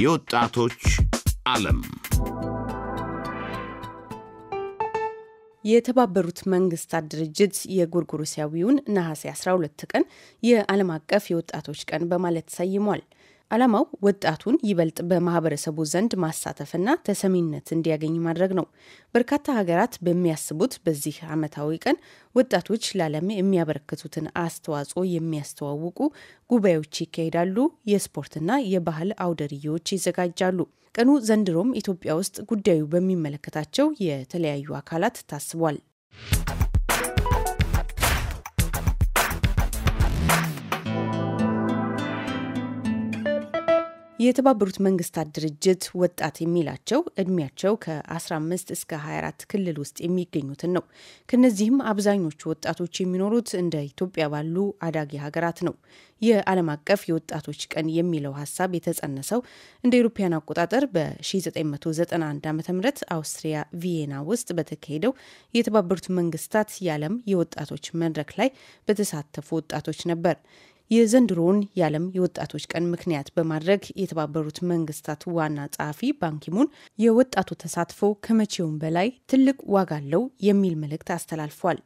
የወጣቶች ዓለም የተባበሩት መንግስታት ድርጅት የጎርጎሮሳዊውን ነሐሴ 12 ቀን የዓለም አቀፍ የወጣቶች ቀን በማለት ሰይሟል። ዓላማው ወጣቱን ይበልጥ በማህበረሰቡ ዘንድ ማሳተፍና ተሰሚነት እንዲያገኝ ማድረግ ነው። በርካታ ሀገራት በሚያስቡት በዚህ ዓመታዊ ቀን ወጣቶች ለዓለም የሚያበረክቱትን አስተዋጽኦ የሚያስተዋውቁ ጉባኤዎች ይካሄዳሉ። የስፖርትና የባህል አውደርዮች ይዘጋጃሉ። ቀኑ ዘንድሮም ኢትዮጵያ ውስጥ ጉዳዩ በሚመለከታቸው የተለያዩ አካላት ታስቧል። የተባበሩት መንግስታት ድርጅት ወጣት የሚላቸው እድሜያቸው ከ15 እስከ 24 ክልል ውስጥ የሚገኙትን ነው። ከነዚህም አብዛኞቹ ወጣቶች የሚኖሩት እንደ ኢትዮጵያ ባሉ አዳጊ ሀገራት ነው። የዓለም አቀፍ የወጣቶች ቀን የሚለው ሀሳብ የተጸነሰው እንደ አውሮፓውያን አቆጣጠር በ1991 ዓ ም አውስትሪያ ቪየና ውስጥ በተካሄደው የተባበሩት መንግስታት የዓለም የወጣቶች መድረክ ላይ በተሳተፉ ወጣቶች ነበር። የዘንድሮውን የዓለም የወጣቶች ቀን ምክንያት በማድረግ የተባበሩት መንግስታት ዋና ጸሐፊ ባንኪሙን የወጣቱ ተሳትፎ ከመቼውም በላይ ትልቅ ዋጋ አለው የሚል መልእክት አስተላልፏል።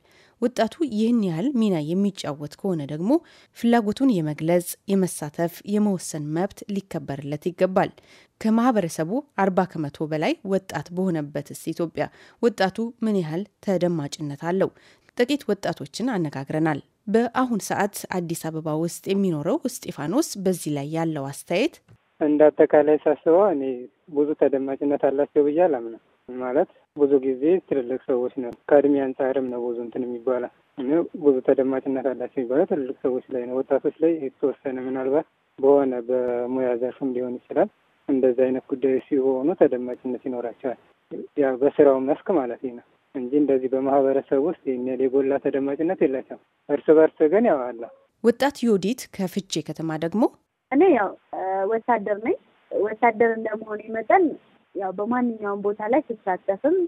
ወጣቱ ይህን ያህል ሚና የሚጫወት ከሆነ ደግሞ ፍላጎቱን የመግለጽ፣ የመሳተፍ፣ የመወሰን መብት ሊከበርለት ይገባል። ከማህበረሰቡ አርባ ከመቶ በላይ ወጣት በሆነበትስ ኢትዮጵያ ወጣቱ ምን ያህል ተደማጭነት አለው? ጥቂት ወጣቶችን አነጋግረናል። በአሁን ሰዓት አዲስ አበባ ውስጥ የሚኖረው እስጢፋኖስ በዚህ ላይ ያለው አስተያየት እንደ አጠቃላይ ሳስበው እኔ ብዙ ተደማጭነት አላቸው ብዬ አላምነው። ማለት ብዙ ጊዜ ትልልቅ ሰዎች ነው ከእድሜ አንጻርም ነው ብዙ እንትን የሚባለው ብዙ ተደማጭነት አላቸው የሚባለው ትልልቅ ሰዎች ላይ ነው። ወጣቶች ላይ የተወሰነ ምናልባት በሆነ በሙያ ዘርፍም ሊሆን ይችላል እንደዚህ አይነት ጉዳዮች ሲሆኑ ተደማጭነት ይኖራቸዋል። ያው በስራው መስክ ማለት ነው። እንጂ እንደዚህ በማህበረሰብ ውስጥ የሚያል የጎላ ተደማጭነት የላቸውም። እርስ በርስ ግን ያው አለ። ወጣት ዮዲት ከፍቼ ከተማ ደግሞ እኔ ያው ወታደር ነኝ። ወታደር እንደመሆኑ መጠን ያው በማንኛውም ቦታ ላይ ስሳተፍም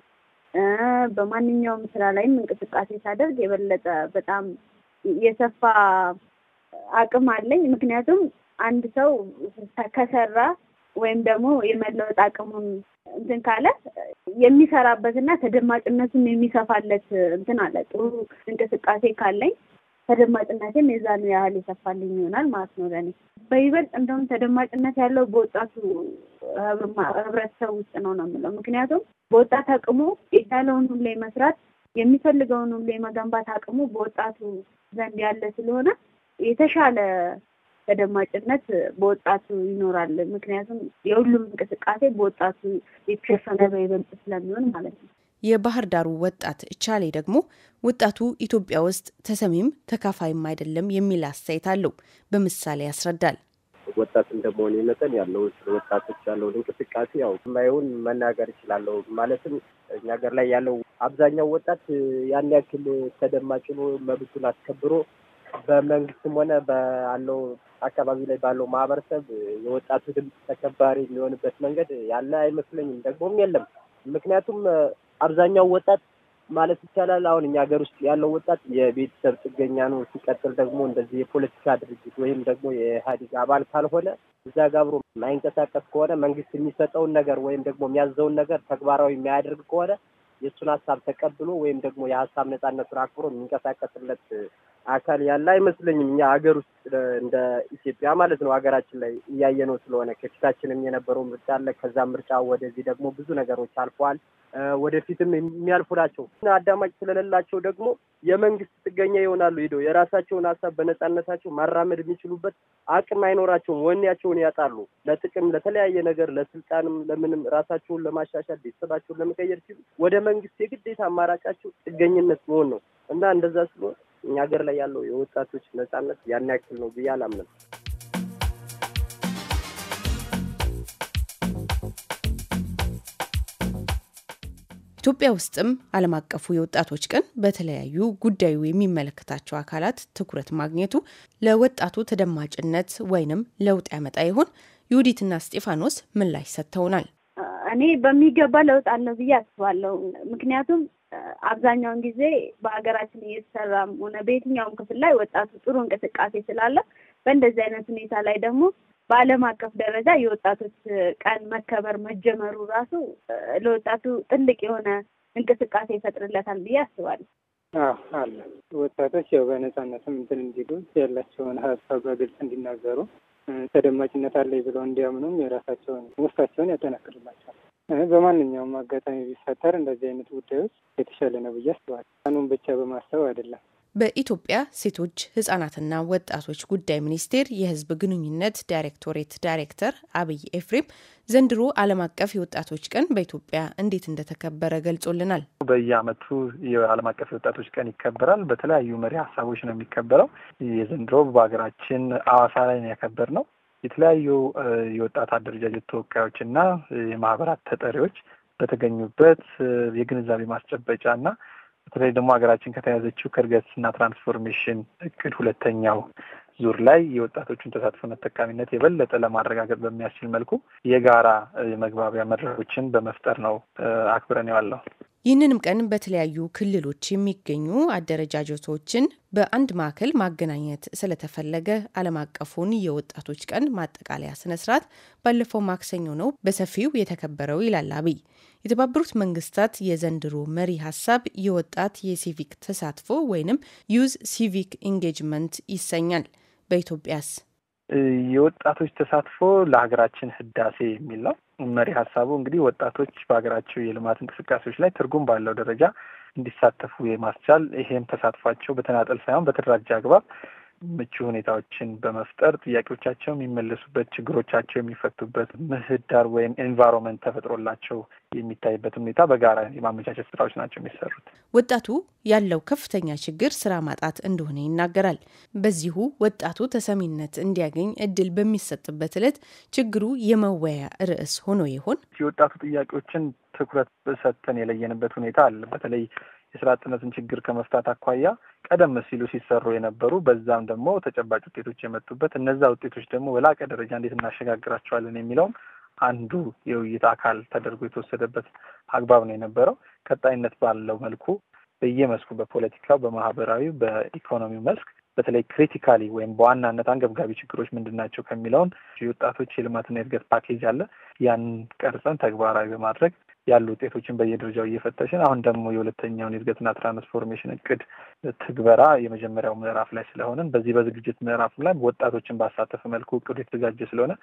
በማንኛውም ስራ ላይም እንቅስቃሴ ሳደርግ የበለጠ በጣም የሰፋ አቅም አለኝ። ምክንያቱም አንድ ሰው ከሰራ ወይም ደግሞ የመለወጥ አቅሙን እንትን ካለ የሚሰራበትና ተደማጭነቱም የሚሰፋለት እንትን አለ። ጥሩ እንቅስቃሴ ካለኝ ተደማጭነቴም የዛኑ ያህል ይሰፋልኝ ይሆናል ማለት ነው። ለእኔ በይበልጥ እንደውም ተደማጭነት ያለው በወጣቱ ህብረተሰብ ውስጥ ነው ነው የምለው። ምክንያቱም በወጣት አቅሙ የቻለውን ሁሌ መስራት የሚፈልገውን ሁሌ መገንባት አቅሙ በወጣቱ ዘንድ ያለ ስለሆነ የተሻለ ተደማጭነት በወጣቱ ይኖራል። ምክንያቱም የሁሉም እንቅስቃሴ በወጣቱ የተሸፈነ በይበልጥ ስለሚሆን ማለት ነው። የባህር ዳሩ ወጣት ቻሌ ደግሞ ወጣቱ ኢትዮጵያ ውስጥ ተሰሚም ተካፋይም አይደለም የሚል አስተያየት አለው። በምሳሌ ያስረዳል። ወጣት እንደመሆኔ መጠን ያለው ወጣቶች ያለውን እንቅስቃሴ ያው ማየውን መናገር እችላለሁ። ማለትም እኛ ሀገር ላይ ያለው አብዛኛው ወጣት ያን ያክል ተደማጭ ነው መብቱን አስከብሮ በመንግስትም ሆነ ባለው አካባቢ ላይ ባለው ማህበረሰብ የወጣቱ ድምፅ ተከባሪ የሚሆንበት መንገድ ያለ አይመስለኝም፣ ደግሞም የለም። ምክንያቱም አብዛኛው ወጣት ማለት ይቻላል አሁን እኛ ሀገር ውስጥ ያለው ወጣት የቤተሰብ ጥገኛ ነው። ሲቀጥል ደግሞ እንደዚህ የፖለቲካ ድርጅት ወይም ደግሞ የኢህአዴግ አባል ካልሆነ እዛ ጋ አብሮ የማይንቀሳቀስ ከሆነ መንግስት የሚሰጠውን ነገር ወይም ደግሞ የሚያዘውን ነገር ተግባራዊ የሚያደርግ ከሆነ የእሱን ሀሳብ ተቀብሎ ወይም ደግሞ የሀሳብ ነጻነቱን አክብሮ የሚንቀሳቀስለት አካል ያለ አይመስለኝም። እኛ ሀገር ውስጥ እንደ ኢትዮጵያ ማለት ነው ሀገራችን ላይ እያየነው ስለሆነ ከፊታችንም የነበረው ምርጫ አለ። ከዛ ምርጫ ወደዚህ ደግሞ ብዙ ነገሮች አልፈዋል። ወደፊትም የሚያልፉ ናቸው። አዳማጭ ስለሌላቸው ደግሞ የመንግስት ጥገኛ ይሆናሉ። ሂደው የራሳቸውን ሀሳብ በነጻነታቸው ማራመድ የሚችሉበት አቅም አይኖራቸውም። ወኔያቸውን ያጣሉ። ለጥቅም ለተለያየ ነገር ለስልጣንም፣ ለምንም ራሳቸውን ለማሻሻል ቤተሰባቸውን ለመቀየር ሲሉ ወደ መንግስት የግዴታ አማራጫቸው ጥገኝነት መሆን ነው እና እንደዛ ስለሆነ እኛ ሀገር ላይ ያለው የወጣቶች ነጻነት ያን ያክል ነው ብዬ አላምንም። ኢትዮጵያ ውስጥም ዓለም አቀፉ የወጣቶች ቀን በተለያዩ ጉዳዩ የሚመለከታቸው አካላት ትኩረት ማግኘቱ ለወጣቱ ተደማጭነት ወይንም ለውጥ ያመጣ ይሆን? ይሁዲትና ስጢፋኖስ ምላሽ ሰጥተውናል። እኔ በሚገባ ለውጥ አለው ብዬ አስባለሁ። ምክንያቱም አብዛኛውን ጊዜ በሀገራችን እየተሰራም ሆነ በየትኛውም ክፍል ላይ ወጣቱ ጥሩ እንቅስቃሴ ስላለ በእንደዚህ አይነት ሁኔታ ላይ ደግሞ በዓለም አቀፍ ደረጃ የወጣቶች ቀን መከበር መጀመሩ ራሱ ለወጣቱ ትልቅ የሆነ እንቅስቃሴ ይፈጥርለታል ብዬ አስባለሁ። አለ ወጣቶች ያው በነጻነትም እንትን እንዲሉ ያላቸውን ሀሳብ በግልጽ እንዲናገሩ ተደማጭነት አለኝ ብለው እንዲያምኑም የራሳቸውን ውስጣቸውን ያጠናክርላቸዋል። በማንኛውም አጋጣሚ ቢፈጠር እንደዚህ አይነት ጉዳዮች የተሻለ ነው ብዬ አስባለሁ። ቀኑን ብቻ በማሰብ አይደለም። በኢትዮጵያ ሴቶች ህጻናትና ወጣቶች ጉዳይ ሚኒስቴር የህዝብ ግንኙነት ዳይሬክቶሬት ዳይሬክተር አብይ ኤፍሬም ዘንድሮ ዓለም አቀፍ የወጣቶች ቀን በኢትዮጵያ እንዴት እንደተከበረ ገልጾልናል። በየአመቱ የዓለም አቀፍ የወጣቶች ቀን ይከበራል። በተለያዩ መሪ ሀሳቦች ነው የሚከበረው። የዘንድሮ በሀገራችን አዋሳ ላይ ነው ያከበር ነው። የተለያዩ የወጣት አደረጃጀት ተወካዮችና የማህበራት ተጠሪዎች በተገኙበት የግንዛቤ ማስጨበጫ እና በተለይ ደግሞ ሀገራችን ከተያዘችው ከእድገትና ትራንስፎርሜሽን እቅድ ሁለተኛው ዙር ላይ የወጣቶችን ተሳትፎና ተጠቃሚነት የበለጠ ለማረጋገጥ በሚያስችል መልኩ የጋራ መግባቢያ መድረኮችን በመፍጠር ነው አክብረን የዋለው። ይህንንም ቀን በተለያዩ ክልሎች የሚገኙ አደረጃጀቶችን በአንድ ማዕከል ማገናኘት ስለተፈለገ ዓለም አቀፉን የወጣቶች ቀን ማጠቃለያ ስነስርዓት ባለፈው ማክሰኞ ነው በሰፊው የተከበረው ይላል አብይ። የተባበሩት መንግስታት የዘንድሮ መሪ ሀሳብ የወጣት የሲቪክ ተሳትፎ ወይንም ዩዝ ሲቪክ ኢንጌጅመንት ይሰኛል። በኢትዮጵያስ የወጣቶች ተሳትፎ ለሀገራችን ህዳሴ የሚል ነው መሪ ሀሳቡ። እንግዲህ ወጣቶች በሀገራቸው የልማት እንቅስቃሴዎች ላይ ትርጉም ባለው ደረጃ እንዲሳተፉ የማስቻል ይሄም ተሳትፏቸው በተናጠል ሳይሆን በተደራጀ አግባብ ምቹ ሁኔታዎችን በመፍጠር ጥያቄዎቻቸው የሚመለሱበት፣ ችግሮቻቸው የሚፈቱበት ምህዳር ወይም ኤንቫይሮንመንት ተፈጥሮላቸው የሚታይበት ሁኔታ በጋራ የማመቻቸት ስራዎች ናቸው የሚሰሩት። ወጣቱ ያለው ከፍተኛ ችግር ስራ ማጣት እንደሆነ ይናገራል። በዚሁ ወጣቱ ተሰሚነት እንዲያገኝ እድል በሚሰጥበት እለት ችግሩ የመወያ ርዕስ ሆኖ ይሆን? የወጣቱ ጥያቄዎችን ትኩረት ሰጥተን የለየንበት ሁኔታ አለ። በተለይ የስራ አጥነትን ችግር ከመፍታት አኳያ ቀደም ሲሉ ሲሰሩ የነበሩ በዛም ደግሞ ተጨባጭ ውጤቶች የመጡበት እነዛ ውጤቶች ደግሞ በላቀ ደረጃ እንዴት እናሸጋግራቸዋለን የሚለውም አንዱ የውይይት አካል ተደርጎ የተወሰደበት አግባብ ነው የነበረው። ቀጣይነት ባለው መልኩ በየመስኩ በፖለቲካው፣ በማህበራዊ፣ በኢኮኖሚው መስክ በተለይ ክሪቲካሊ ወይም በዋናነት አንገብጋቢ ችግሮች ምንድን ናቸው ከሚለውን የወጣቶች የልማትና የእድገት ፓኬጅ አለ። ያንን ቀርጸን ተግባራዊ በማድረግ ያሉ ውጤቶችን በየደረጃው እየፈተሽን አሁን ደግሞ የሁለተኛውን የእድገትና ትራንስፎርሜሽን እቅድ ትግበራ የመጀመሪያው ምዕራፍ ላይ ስለሆንን በዚህ በዝግጅት ምዕራፉ ላይ ወጣቶችን ባሳተፈ መልኩ እቅዱ የተዘጋጀ ስለሆነ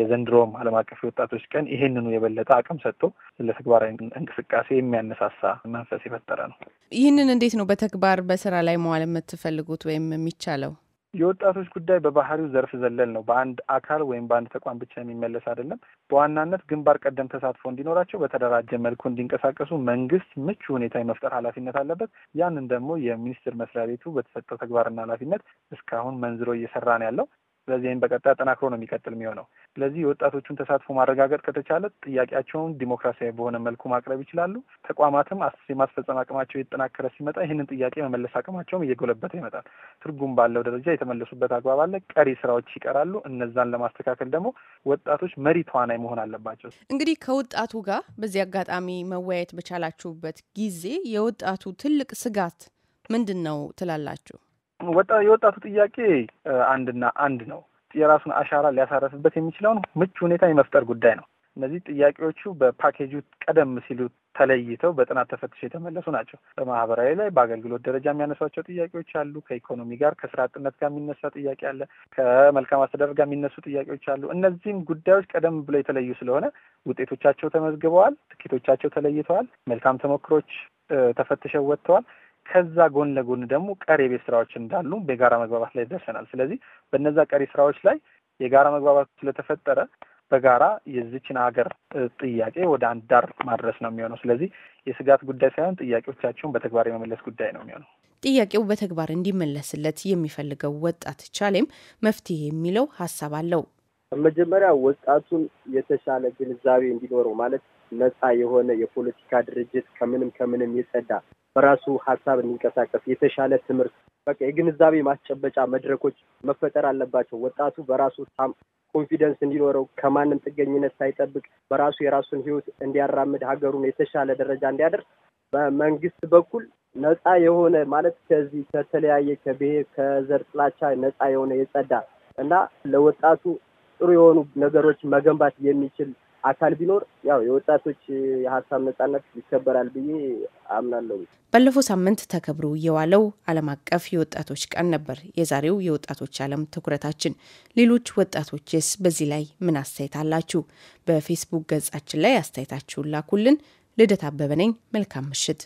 የዘንድሮም ዓለም አቀፍ የወጣቶች ቀን ይህንኑ የበለጠ አቅም ሰጥቶ ለተግባራዊ እንቅስቃሴ የሚያነሳሳ መንፈስ የፈጠረ ነው። ይህንን እንዴት ነው በተግባር በስራ ላይ መዋል የምትፈልጉት ወይም የሚቻለው? የወጣቶች ጉዳይ በባህሪው ዘርፍ ዘለል ነው። በአንድ አካል ወይም በአንድ ተቋም ብቻ የሚመለስ አይደለም። በዋናነት ግንባር ቀደም ተሳትፎ እንዲኖራቸው በተደራጀ መልኩ እንዲንቀሳቀሱ መንግስት ምቹ ሁኔታ የመፍጠር ኃላፊነት አለበት። ያንን ደግሞ የሚኒስቴር መስሪያ ቤቱ በተሰጠው ተግባርና ኃላፊነት እስካሁን መንዝሮ እየሰራ ነው ያለው። ስለዚህ በቀጣይ አጠናክሮ ነው የሚቀጥል የሚሆነው። ስለዚህ የወጣቶቹን ተሳትፎ ማረጋገጥ ከተቻለ ጥያቄያቸውን ዲሞክራሲያዊ በሆነ መልኩ ማቅረብ ይችላሉ። ተቋማትም የማስፈጸም አቅማቸው እየተጠናከረ ሲመጣ ይህንን ጥያቄ መመለስ አቅማቸውም እየጎለበተ ይመጣል። ትርጉም ባለው ደረጃ የተመለሱበት አግባብ አለ። ቀሪ ስራዎች ይቀራሉ። እነዛን ለማስተካከል ደግሞ ወጣቶች መሪ ተዋናይ መሆን አለባቸው። እንግዲህ ከወጣቱ ጋር በዚህ አጋጣሚ መወያየት በቻላችሁበት ጊዜ የወጣቱ ትልቅ ስጋት ምንድን ነው ትላላችሁ? የወጣቱ ጥያቄ አንድና አንድ ነው። የራሱን አሻራ ሊያሳረፍበት የሚችለውን ምቹ ሁኔታ የመፍጠር ጉዳይ ነው። እነዚህ ጥያቄዎቹ በፓኬጁ ቀደም ሲሉ ተለይተው በጥናት ተፈትሸው የተመለሱ ናቸው። በማህበራዊ ላይ በአገልግሎት ደረጃ የሚያነሷቸው ጥያቄዎች አሉ። ከኢኮኖሚ ጋር ከስራ አጥነት ጋር የሚነሳ ጥያቄ አለ። ከመልካም አስተዳደር ጋር የሚነሱ ጥያቄዎች አሉ። እነዚህም ጉዳዮች ቀደም ብሎ የተለዩ ስለሆነ ውጤቶቻቸው ተመዝግበዋል። ትኬቶቻቸው ተለይተዋል። መልካም ተሞክሮች ተፈትሸው ወጥተዋል። ከዛ ጎን ለጎን ደግሞ ቀሪ የቤት ስራዎች እንዳሉ በጋራ መግባባት ላይ ደርሰናል። ስለዚህ በነዛ ቀሪ ስራዎች ላይ የጋራ መግባባት ስለተፈጠረ በጋራ የዚችን ሀገር ጥያቄ ወደ አንድ ዳር ማድረስ ነው የሚሆነው። ስለዚህ የስጋት ጉዳይ ሳይሆን ጥያቄዎቻቸውን በተግባር የመመለስ ጉዳይ ነው የሚሆነው። ጥያቄው በተግባር እንዲመለስለት የሚፈልገው ወጣት ቻሌም መፍትሄ የሚለው ሀሳብ አለው። መጀመሪያ ወጣቱን የተሻለ ግንዛቤ እንዲኖረው ማለት ነፃ የሆነ የፖለቲካ ድርጅት ከምንም ከምንም የጸዳ በራሱ ሀሳብ እንዲንቀሳቀስ የተሻለ ትምህርት በቃ የግንዛቤ ማስጨበጫ መድረኮች መፈጠር አለባቸው። ወጣቱ በራሱ ኮንፊደንስ እንዲኖረው ከማንም ጥገኝነት ሳይጠብቅ በራሱ የራሱን ህይወት እንዲያራምድ ሀገሩን የተሻለ ደረጃ እንዲያደርስ በመንግስት በኩል ነፃ የሆነ ማለት ከዚህ ከተለያየ ከብሔር ከዘር ጥላቻ ነፃ የሆነ የጸዳ እና ለወጣቱ ጥሩ የሆኑ ነገሮች መገንባት የሚችል አካል ቢኖር ያው የወጣቶች የሀሳብ ነጻነት ይከበራል ብዬ አምናለሁ። ባለፈው ሳምንት ተከብሮ የዋለው ዓለም አቀፍ የወጣቶች ቀን ነበር የዛሬው የወጣቶች ዓለም ትኩረታችን። ሌሎች ወጣቶችስ በዚህ ላይ ምን አስተያየት አላችሁ? በፌስቡክ ገጻችን ላይ አስተያየታችሁን ላኩልን። ልደት አበበ ነኝ። መልካም ምሽት።